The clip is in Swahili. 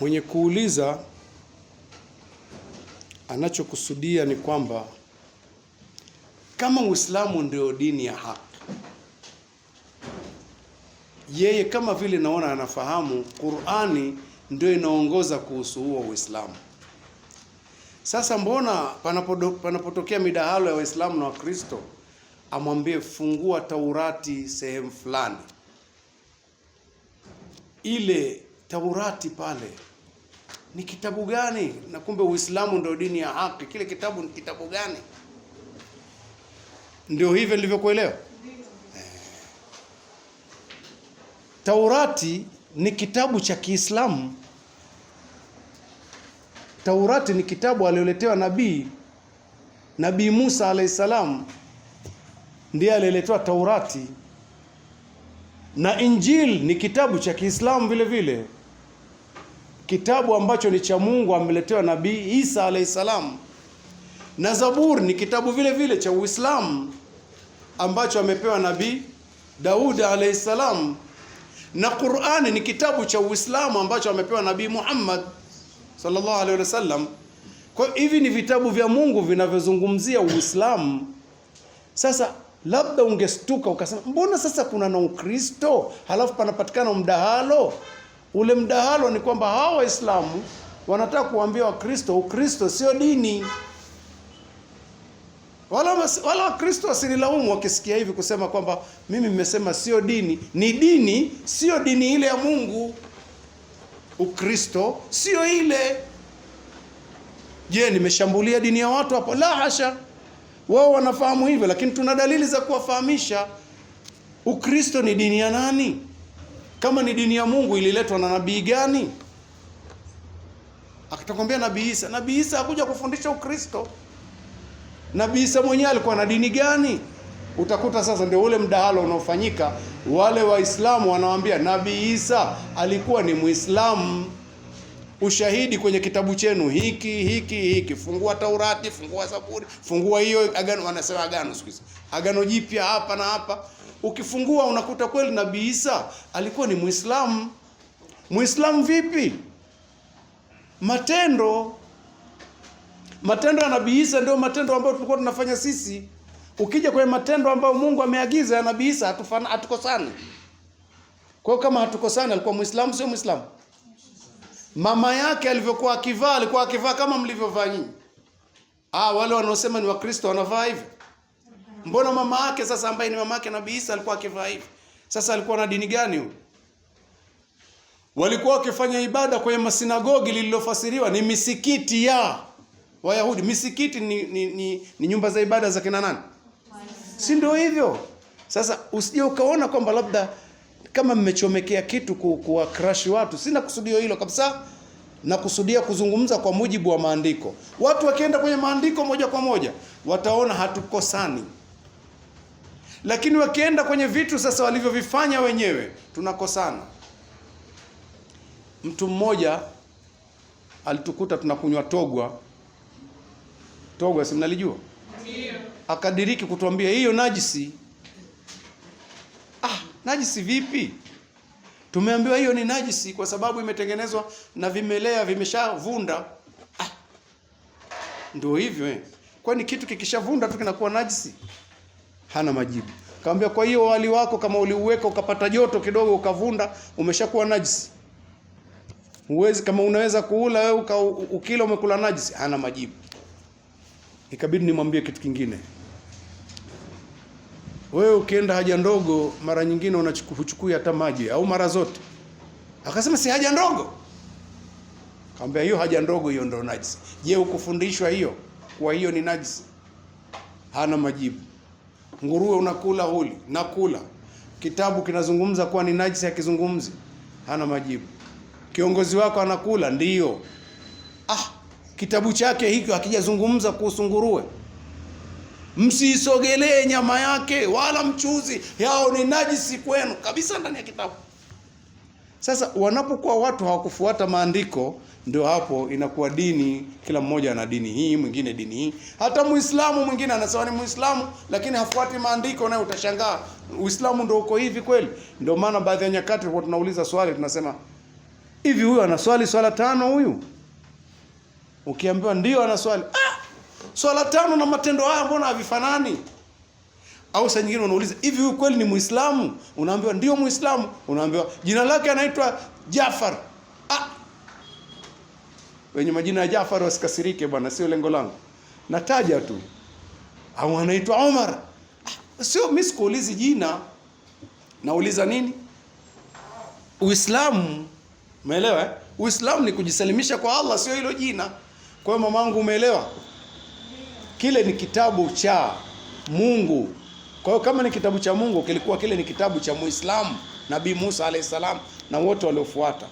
Mwenye kuuliza anachokusudia ni kwamba kama Uislamu ndio dini ya haki, yeye kama vile naona anafahamu Qur'ani ndio inaongoza kuhusu huo Uislamu. Sasa mbona panapotokea midahalo ya Waislamu na Wakristo amwambie fungua Taurati sehemu fulani, ile Taurati pale ni kitabu gani? Na kumbe Uislamu ndio dini ya haki. Kile kitabu ni kitabu gani? Ndio hivyo nilivyokuelewa. Eh, Taurati ni kitabu cha Kiislamu. Taurati ni kitabu alioletewa nabii Nabii Musa alayhi salam, ndiye alieletewa Taurati, na injil ni kitabu cha Kiislamu vile vile kitabu ambacho ni cha Mungu ameletewa Nabii Isa alayhi salam, na Zaburi ni kitabu vile vile cha Uislamu ambacho amepewa Nabii Daudi alayhi salam, na Qur'ani ni kitabu cha Uislamu ambacho amepewa Nabii Muhammad sallallahu alayhi wasallam. Kwa hivi ni vitabu vya Mungu vinavyozungumzia Uislamu. Sasa labda ungestuka ukasema, mbona sasa kuna na Ukristo halafu panapatikana mdahalo? Ule mdahalo ni kwamba hawa Waislamu wanataka kuwaambia Wakristo Ukristo sio dini. Wala Wakristo wasililaumu wakisikia hivi kusema kwamba mimi nimesema sio dini. Ni dini, sio dini ile ya Mungu. Ukristo sio ile. Je, nimeshambulia dini ya watu hapo? La hasha. Wao wanafahamu hivyo, lakini tuna dalili za kuwafahamisha. Ukristo ni dini ya nani? kama ni dini ya Mungu ililetwa na nabii gani? Akatakwambia nabii Isa. Nabii Isa hakuja kufundisha Ukristo. Nabii Isa mwenyewe alikuwa na dini gani? Utakuta sasa ndio ule mdahalo unaofanyika, wale Waislamu wanawambia Nabii Isa alikuwa ni Muislamu ushahidi kwenye kitabu chenu hiki hiki hiki, fungua Taurati, fungua Zaburi, fungua hiyo agano, wanasema agano siku hizi, agano jipya hapa na hapa. Ukifungua unakuta kweli Nabii Isa alikuwa ni Muislamu. Muislamu vipi? Matendo matendo ya Nabii Isa ndio matendo ambayo tulikuwa tunafanya sisi. Ukija kwenye matendo ambayo Mungu ameagiza ya Nabii Isa, hatukosani. Kwa hiyo kama hatukosani, alikuwa Muislamu sio Muislamu? mama yake alivyokuwa akivaa, alikuwa akivaa kama mlivyovaa nyinyi. Ah, wale wanaosema ni Wakristo wanavaa hivyo? Mbona mama yake sasa, ambaye ni mama yake Nabii Isa, alikuwa akivaa hivi Sasa alikuwa na dini gani huyo? Walikuwa wakifanya ibada kwenye masinagogi, lililofasiriwa ni misikiti ya Wayahudi. Misikiti ni, ni, ni, ni nyumba za ibada za kina nani? Si ndio hivyo? Sasa usije ukaona kwamba labda kama mmechomekea kitu kuwakrashi watu, sina kusudio hilo kabisa, na kusudia kuzungumza kwa mujibu wa maandiko. Watu wakienda kwenye maandiko moja kwa moja wataona hatukosani, lakini wakienda kwenye vitu sasa walivyovifanya wenyewe tunakosana. Mtu mmoja alitukuta tunakunywa togwa. Togwa si mnalijua? Akadiriki kutuambia hiyo najisi Najisi vipi? Tumeambiwa hiyo ni najisi kwa sababu imetengenezwa na vimelea vimeshavunda. Ah. Ndio hivyo eh. Kwani kitu kikishavunda tu kinakuwa najisi? Hana majibu. Kaambia kwa hiyo wali wako kama uliuweka ukapata joto kidogo ukavunda umeshakuwa najisi. Uwezi, kama unaweza kuula wewe ukila umekula najisi, hana majibu. Ikabidi nimwambie kitu kingine wewe ukienda haja ndogo mara nyingine unachukui hata maji au mara zote. Akasema si haja ndogo, kaambia hiyo haja ndogo hiyo ndio najisi. Je, ukufundishwa hiyo kwa hiyo ni najisi? Hana majibu. Nguruwe unakula huli, nakula kitabu kinazungumza kuwa ni najisi, akizungumzi hana majibu. Kiongozi wako anakula, ndiyo. Ah, kitabu chake hiki hakijazungumza kuhusu nguruwe msiisogelee nyama yake wala mchuzi, yao ni najisi kwenu kabisa, ndani ya kitabu. Sasa wanapokuwa watu hawakufuata maandiko, ndio hapo inakuwa dini, kila mmoja ana dini hii, mwingine dini hii. Hata Muislamu mwingine anasema ni Muislamu, lakini hafuati maandiko, naye utashangaa Uislamu ndio uko hivi kweli? Ndio maana baadhi ya nyakati kwa tunauliza swali tunasema hivi, huyu anaswali swala tano huyu? Ukiambiwa ndio anaswali ah, Swala tano na matendo haya mbona havifanani? Au saa nyingine unauliza hivi, huyu kweli ni Muislamu? Unaambiwa ndio Muislamu, unaambiwa jina lake anaitwa Jafar. Ah, wenye majina ya Jafar wasikasirike bwana, sio lengo langu, nataja tu. Au anaitwa Omar. Ah, sio mimi sikuulizi jina, nauliza nini? Uislamu, umeelewa? Eh? Uislamu ni kujisalimisha kwa Allah, sio hilo jina. Kwa hiyo mamangu, umeelewa? kile ni kitabu cha Mungu. Kwa hiyo kama ni kitabu cha Mungu, kilikuwa kile ni kitabu cha Muislamu Nabii Musa alayhi salam na wote waliofuata.